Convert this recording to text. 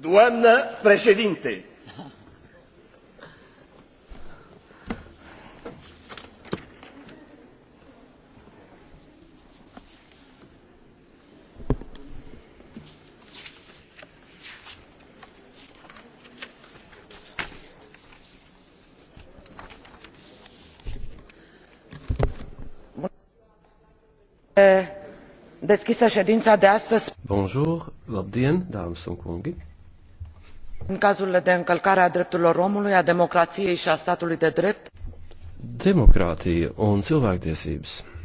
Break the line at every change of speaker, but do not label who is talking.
Doamnă președinte,
E, deschisă ședința de astăzi.
Bonjour, labdien, dāmas un kungi.
În cazurile de încălcare a drepturilor omului, a democrației și a statului de drept.
Demokrātija un cilvēktiesības